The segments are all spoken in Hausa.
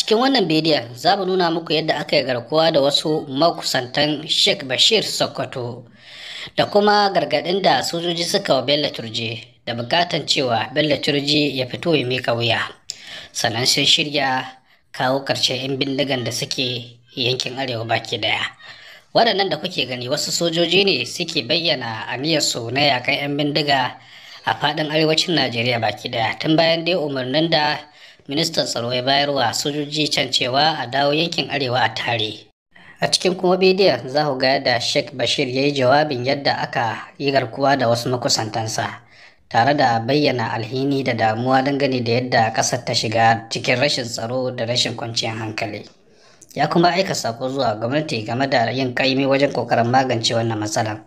cikin wannan bidiyon za mu nuna muku yadda aka yi garkuwa da wasu makusantan Sheikh Bashir Sokoto da kuma gargaɗin da sojoji suka wa Bello Turji da bukatan cewa Bello Turji ya fito ya mika wuya. Sannan sun shirya kawo ƙarshen 'yan bindigan da suke yankin arewa baki daya. Waɗannan da kuke gani wasu sojoji ne suke bayyana a aniyarsu na yakan 'yan bindiga a faɗin arewacin Najeriya baki daya tun bayan dai umarnin da ministan tsaro ya bayar wa sojoji can cewa a dawo yankin arewa a tare a cikin kuma bidiyon za ku ga da sheikh bashir ya yi jawabin yadda aka yi garkuwa da wasu makusantansa tare da bayyana alhini da damuwa dangane da yadda ƙasar ta shiga cikin rashin tsaro da rashin kwanciyar hankali ya kuma aika sako zuwa gwamnati game da yin kaimi wajen kokarin magance wannan matsalar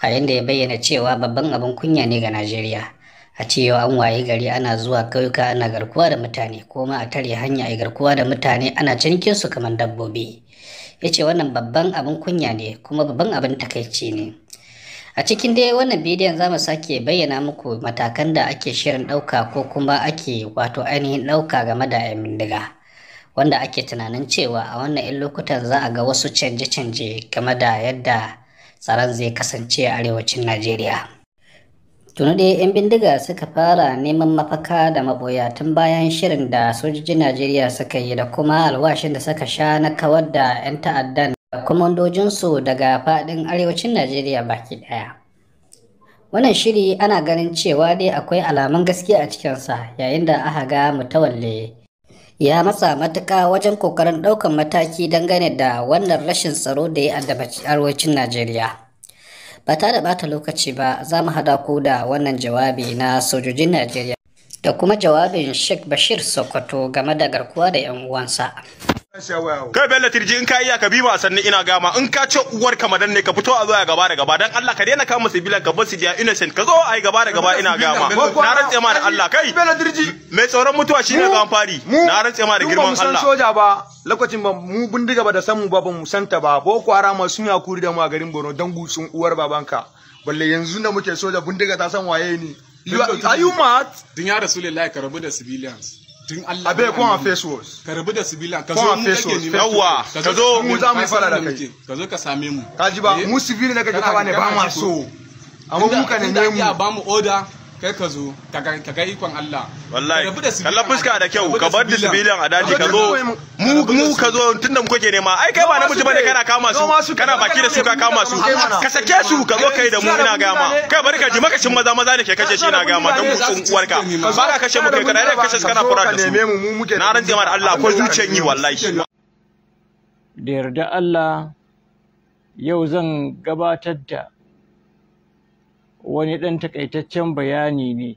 a yadda ya bayyana cewa babban abin kunya ne ga najeriya a cewa an waye gari ana zuwa ƙauyuka ana garkuwa da mutane ko a tare hanya a garkuwa da mutane ana cinikin su kamar dabbobi ya ce wannan babban abin kunya ne kuma babban abin takaici ne a cikin dai wannan bidiyon za mu sake bayyana muku matakan da ake shirin ɗauka ko kuma ake wato ainihin ɗauka game da 'yan bindiga wanda ake tunanin cewa a wannan 'yan lokutan za a ga wasu canje-canje game da yadda tsaron zai kasance a arewacin najeriya tunu dai 'yan bindiga suka fara neman mafaka da maboya tun bayan shirin da sojojin najeriya suka yi da kuma alwashin da suka sha na kawar da 'yan ta'addan da kwamandojinsu daga faɗin arewacin najeriya baki ɗaya wannan shiri ana ganin cewa dai akwai alamun gaskiya a cikinsa yayin da aka ga mutawalle ya matsa matuka wajen kokarin ɗaukan mataki dangane da wannan rashin tsaro da ya addabaci arewacin najeriya ba tare da bata lokaci ba za mu hada ku da wannan jawabi na sojojin najeriya da kuma jawabin sheikh bashir sokoto game da garkuwa da 'yan uwansa kai bello in ka iya ka bi a sannan ina gama in ka ce uwar ka madan ne ka fito a zuwa gaba da gaba dan Allah ka daina kama sibilan ka basu jiya innocent ka zo yi gaba da gaba ina gama na rantse ma da Allah kai bello mai tsoron mutuwa shine ga fari na rantse ma da girman Allah soja ba lokacin ba mu bindiga ba da san mu ba ba mu santa ba boko haram sun kuri da mu a garin Borno dan gutsun uwar babanka balle yanzu da muke soja bindiga ta san waye ni are you mad din rasulullahi karabu da civilians din Allah abe ko an face wash ka rabu da civilian ka zo mu face wash yawa ka zo mu za mu fara da kai ka zo ka same mu ka ji ba eh? mu civilian da kake ta bane ba ma so amma mu ka ne mu ya ba mu order kai ka zo ka ga ikon Allah wallahi kalla fuska da kyau ka bar disbilin a daji ka zo mu mu ka zo tunda mu kake nema ai kai ba namiji bane kana kama su kana baki da su ka kama su ka sake su ka zo kai da mu ina ga ma kai bari ka ji makashin maza maza ne ke kace shi ina ga ma dan mutsun uwarka ba ka kashe mu kai kana da kashe kana fura da su na ran ma da Allah ko zuciyar yi wallahi da yarda Allah yau zan gabatar da wani ɗan takaitaccen bayani ne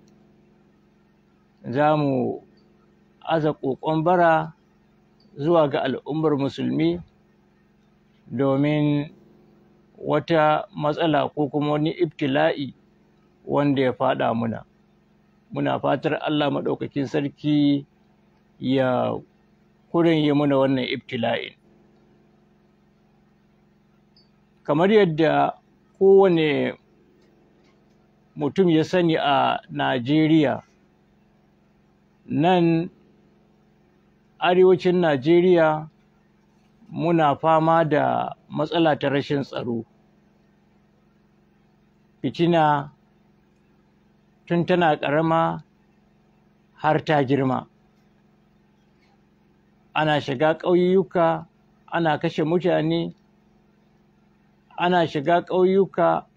za mu aza ƙoƙon bara zuwa ga al'ummar musulmi domin wata matsala ko kuma wani ibtila'i wanda ya faɗa muna muna fatar allah maɗaukakin sarki ya kurin yi muna wannan ibtila'in kamar yadda kowane mutum ya sani a Najeriya nan arewacin Najeriya muna fama da matsala ta rashin tsaro fitina tun tana ƙarama har ta girma ana shiga ƙauyuka ana kashe mutane ana shiga ƙauyuka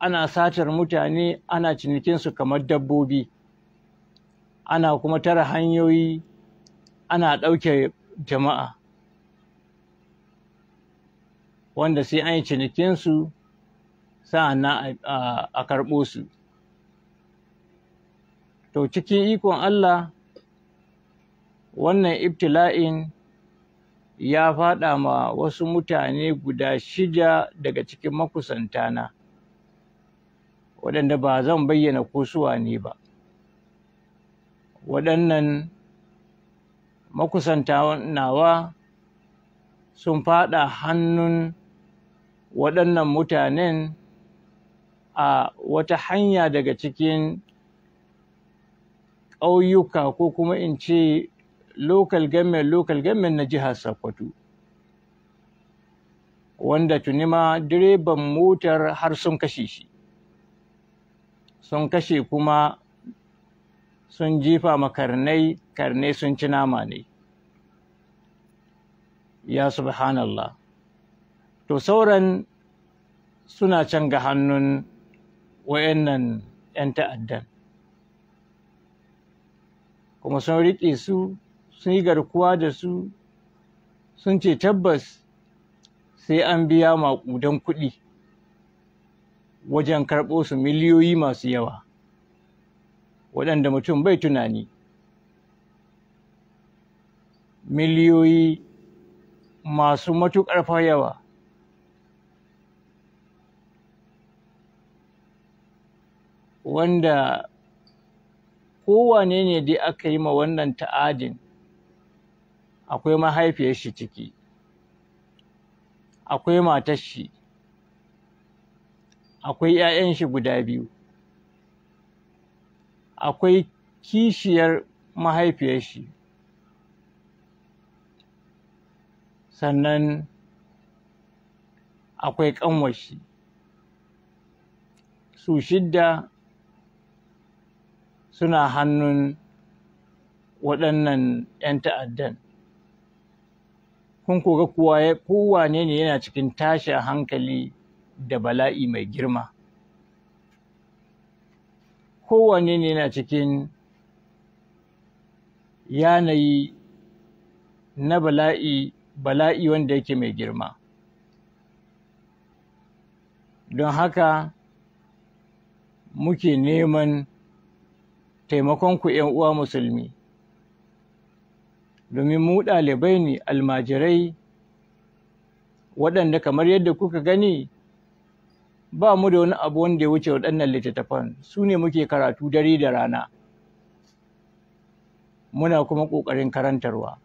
ana satar mutane ana cinikinsu kamar dabbobi ana kuma tara hanyoyi ana ɗauke jama'a wanda sai an yi cinikinsu sa'annan a karɓo su to cikin ikon Allah wannan ibtila'in ya faɗa ma wasu mutane guda shida daga cikin makusantana waɗanda ba zan bayyana ko suwa ne ba waɗannan makusanta nawa sun faɗa hannun waɗannan mutanen a wata hanya daga cikin ƙauyuka ko kuma in ce local government local government na jihar Sokoto wanda tuni ma direban motar har sun kashe shi sun kashe kuma sun jifa makarnai karnai karne sun ci nama ne ya subhanallah to sauran suna can ga hannun wayannan 'yan ta'addan kuma sun riƙe su sun yi garkuwa da su sun ce tabbas sai an biya maƙudan kuɗi wajen karɓo su miliyoyi masu yawa waɗanda mutum bai tunani miliyoyi masu matuƙar yawa wanda kowane ne dai aka yi ma wannan ta'adin akwai mahaifiyar shi ciki akwai matar shi akwai 'ya'yan shi guda biyu akwai kishiyar mahaifiyar shi sannan akwai ƙanwashi su shidda suna hannun waɗannan 'yan ta'addan kun koga kowa kowane ne yana cikin tashin hankali da bala'i mai girma Kowane ne na cikin yanayi na bala'i bala'i wanda yake mai girma don haka muke neman taimakon ku uwa musulmi domin mu ɗalibai ne almajirai waɗanda kamar yadda kuka gani ba mu da wani abu wanda ya wuce waɗannan littattafan su ne muke karatu dare da rana muna kuma ƙoƙarin karantarwa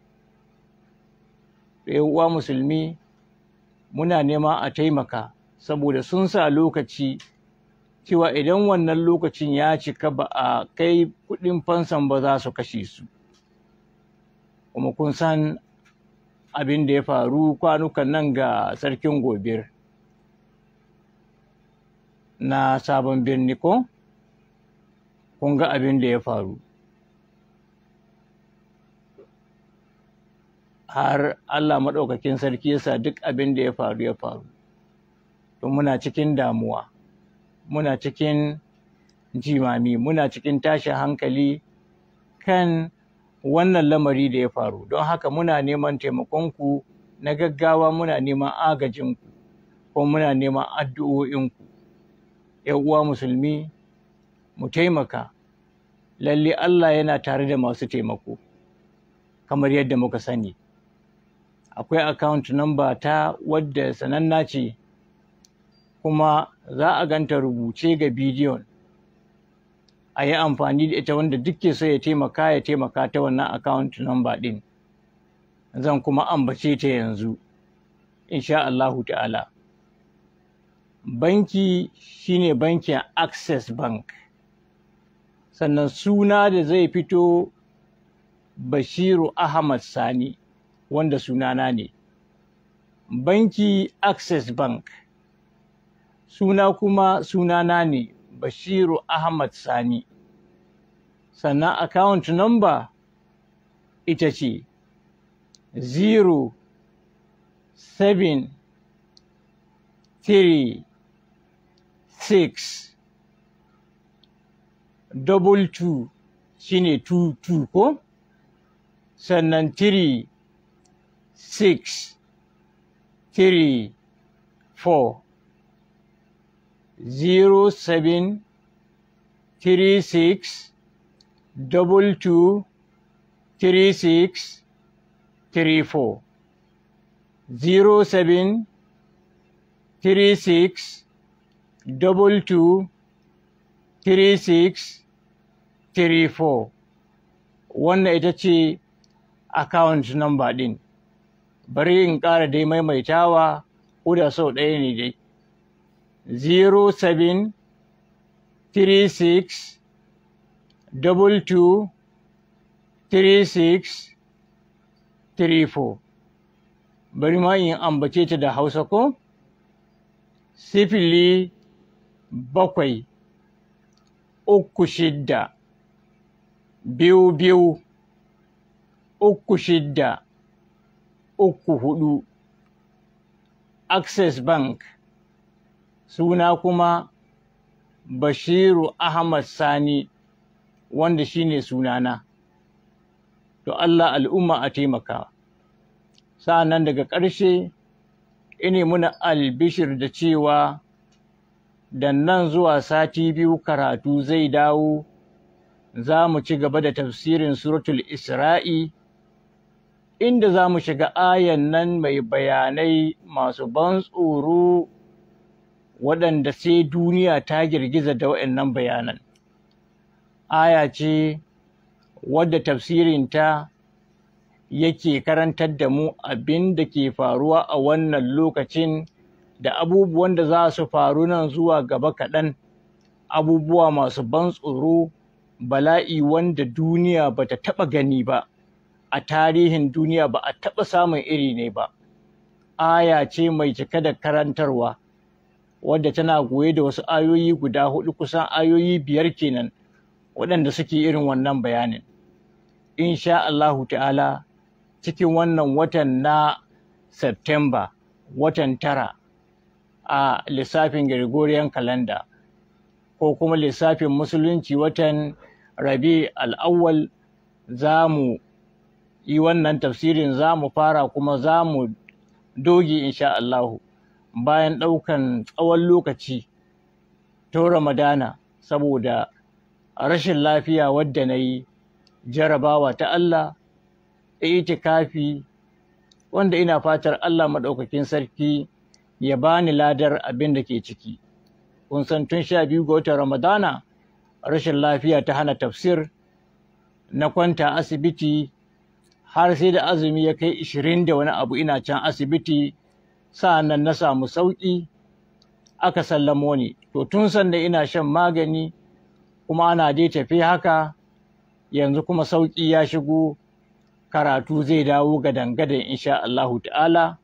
da uwa musulmi muna nema a taimaka saboda sun sa lokaci cewa idan wannan lokacin ya cika ba a kai kuɗin fansan ba za su kashe su kuma kun san abin da ya faru kwanukan nan ga sarkin gobir na sabon birni ko kun ga abin da ya faru har Allah maɗaukakin sarki yasa duk abin da ya faru ya faru to muna cikin damuwa muna cikin jimami muna cikin tashin hankali kan wannan lamari da ya faru don haka muna neman taimakonku na gaggawa muna neman agajinku ko muna neman addu'o'inku uwa musulmi mu taimaka lalle Allah yana tare da masu taimako kamar yadda muka sani akwai account number ta wadda sananna ce kuma za a ganta rubuce ga bidiyon a yi amfani da ita wanda duk ke so ya taimaka ya taimaka ta wannan account number ɗin zan kuma ambace ta yanzu insha Allahu ta'ala banki shine bankin access bank sannan suna da zai fito bashiru ahmad sani wanda sunana ne banki access bank suna kuma sunana ne bashiru ahmad sani sannan account number ita ce zero seven 3 six double two shine two two ko sannan three six three four zero seven three six double two three six three four zero seven three six double two three six three four wannan ita ce account number ɗin bari in ƙara dai maimaitawa ko sau ɗaya ne dai zero seven three six double two three six three four bari ma in ambace ta da hausa ko sifili bakwai uku shidda biyu biyu uku shidda uku huɗu, access bank suna kuma bashiru ahmad sani wanda shine sunana to allah al'umma a taimaka nan daga ƙarshe ini muna albishir da cewa da nan zuwa sati biyu karatu zai dawo za mu ci gaba da tafsirin suratul isra'i inda za mu shiga ayan nan mai bayanai masu ban tsoro waɗanda sai duniya ta girgiza da waɗannan bayanan aya ce wadda ta yake karantar da mu abin da ke faruwa a wannan lokacin da abubuwan da za su faru nan zuwa gaba kaɗan abubuwa masu ban tsoro bala'i wanda duniya ba ta taɓa gani ba a tarihin duniya ba a taɓa samun iri ne ba aya ce mai cike da karantarwa wadda tana goye da wasu ayoyi guda hudu kusan ayoyi biyar kenan waɗanda suke irin wannan bayanin insha Allahu ta'ala cikin wannan watan na September watan tara a lissafin Gregorian calendar ko kuma lissafin musulunci watan rabi al'awwal za mu yi wannan tafsirin za mu fara kuma za mu doge insha Allahu bayan ɗaukan tsawon lokaci ta Ramadana saboda rashin lafiya wadda na yi jarabawa ta Allah itikafi wanda ina fatar Allah maɗaukakin sarki ya bani ladar abin da ke ciki kun san tun sha biyu ga watan ramadana rashin lafiya ta hana tafsir na kwanta asibiti har sai da azumi ya kai ishirin da wani abu ina can asibiti sa'annan na samu sauƙi aka sallamo ni to tun sanda ina shan magani kuma ana dai tafi haka yanzu kuma sauƙi ya shigo karatu zai dawo ga dangadan insha Allahu ta'ala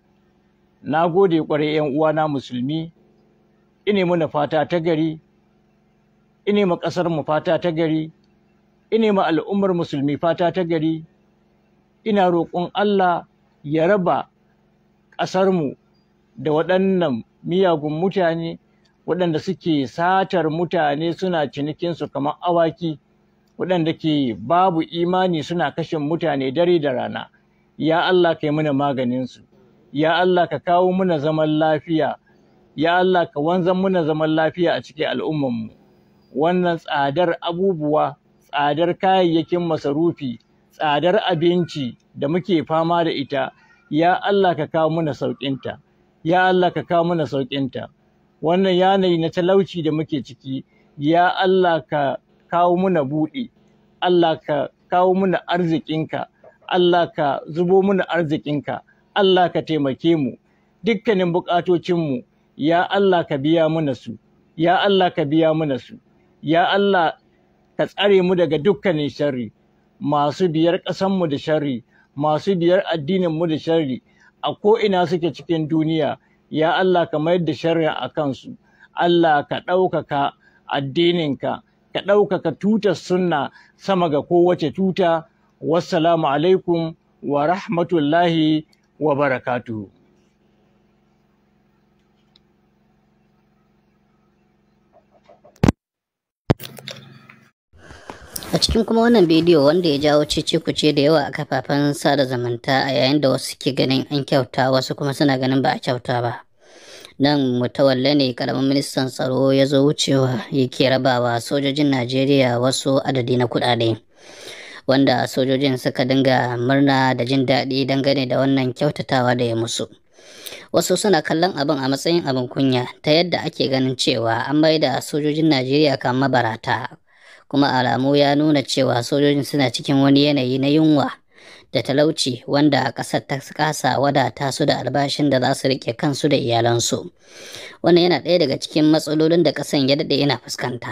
na gode ƙwarai yan uwana musulmi ine muna fata ta gari ine ma kasar mu fata ta gari ine ma al'ummar musulmi fata ta gari ina roƙon Allah ya raba ƙasar mu da waɗannan miyagun mutane waɗanda suke satar mutane suna cinikinsu kamar awaki waɗanda ke babu imani suna kashe mutane dare da rana ya Allah kai mana maganinsu ya Allah ka kawo muna zaman lafiya ya Allah ka wanzan muna zaman lafiya a cikin al'umman mu. wannan tsadar abubuwa tsadar kayayyakin masarufi tsadar abinci da muke fama da ita ya Allah ka kawo muna sauƙinta ya Allah ka kawo muna sauƙinta wannan yanayi na talauci da muke ciki ya Allah ka kawo muna buɗe. Allah ka kawo muna arzikinka Allah ka zubo muna arzikinka Allah ka taimake mu dukkanin bukatocinmu ya Allah ka biya mana su ya Allah ka biya mana su ya Allah ka tsare mu daga dukkanin sharri masu biyar ƙasanmu da sharri masu biyar addininmu da sharri a ko ina suke cikin duniya ya Allah ka mayar da sharri a kansu Allah ka ɗaukaka addininka ka ɗaukaka tutar sunna sama ga kowace tuta wassalamu alaikum wa rahmatullahi wa a cikin kuma wannan bidiyo wanda ya jawo cece-kuce da yawa a kafafen sada zumunta a yayin da wasu ke ganin an kyauta wasu kuma suna ganin ba a kyauta ba nan mutawalle ne karamin ministan tsaro ya zo wucewa yake rabawa sojojin najeriya wasu adadi na kudade wanda sojojin suka dinga murna da jin daɗi dangane da wannan kyautatawa da ya musu. Wasu suna kallon abin a matsayin abin kunya ta yadda ake ganin cewa an bai da sojojin Najeriya kan mabarata kuma alamu ya nuna cewa sojojin suna cikin wani yanayi na yunwa da talauci wanda ƙasar ta kasa wadata su da albashin da za su rike kansu da iyalansu. Wannan yana ɗaya daga cikin matsalolin da ƙasan ya daɗe yana fuskanta.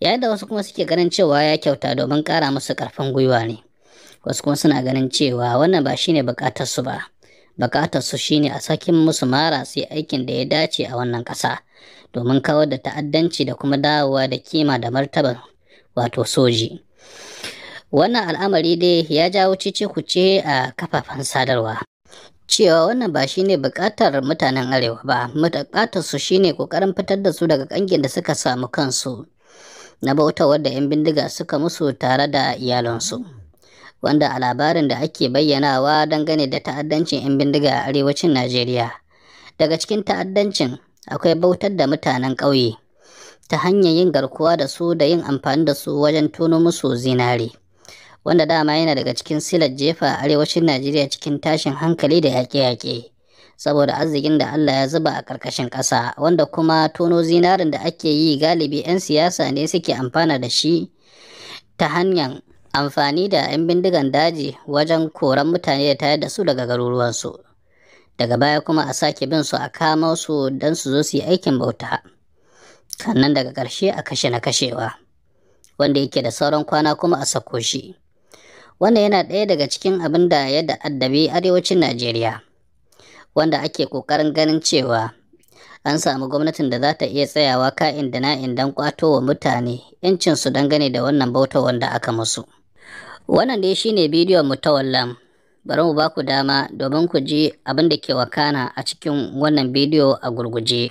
yayin da wasu kuma suke ganin cewa ya kyauta domin ƙara musu ƙarfin gwiwa ne wasu kuma suna ganin cewa wannan ba shine su ba su shine a sakin musu mara su aikin da ya dace a wannan ƙasa domin kawar da ta'addanci da kuma dawowa da kima da martaba wato soji wannan al'amari dai ya jawo cice kuce a kafafen sadarwa cewa wannan ba shine bukatar mutanen arewa ba bukatar su shine kokarin fitar da su daga kangin da suka samu kansu na bautar da 'yan bindiga suka musu tare da iyalansu wanda a labarin da ake bayyanawa dangane da ta'addancin 'yan bindiga a arewacin najeriya daga cikin ta'addancin akwai bautar da mutanen ƙauye ta hanyar yin garkuwa da su da yin amfani da su wajen tono musu zinare wanda dama yana daga cikin silar jefa a arewacin najeriya cikin tashin hankali da yaƙe-yaƙe saboda arzikin da Allah ya zuba a ƙarƙashin ƙasa wanda kuma tono zinarin da ake yi galibi 'yan siyasa ne suke amfana da shi ta hanyar amfani da 'yan bindigan daji wajen koran mutane da tayar da su daga garuruwansu daga baya kuma a sake bin su a kama su don su zo su yi aikin bauta kannan daga ƙarshe a kashe na kashewa wanda yake da sauran kwana kuma a sako shi wannan yana ɗaya daga cikin abin da ya da'addabi arewacin najeriya wanda ake ƙoƙarin ganin cewa an samu gwamnatin da za ta iya tsayawa ka'in da na'in don kwato wa mutane su dangane da wannan bauta wanda aka musu. Wannan dai shine bidiyon mu ta wallan. Bari mu baku dama domin ku ji abin da ke wakana a cikin wannan bidiyo a gurguje.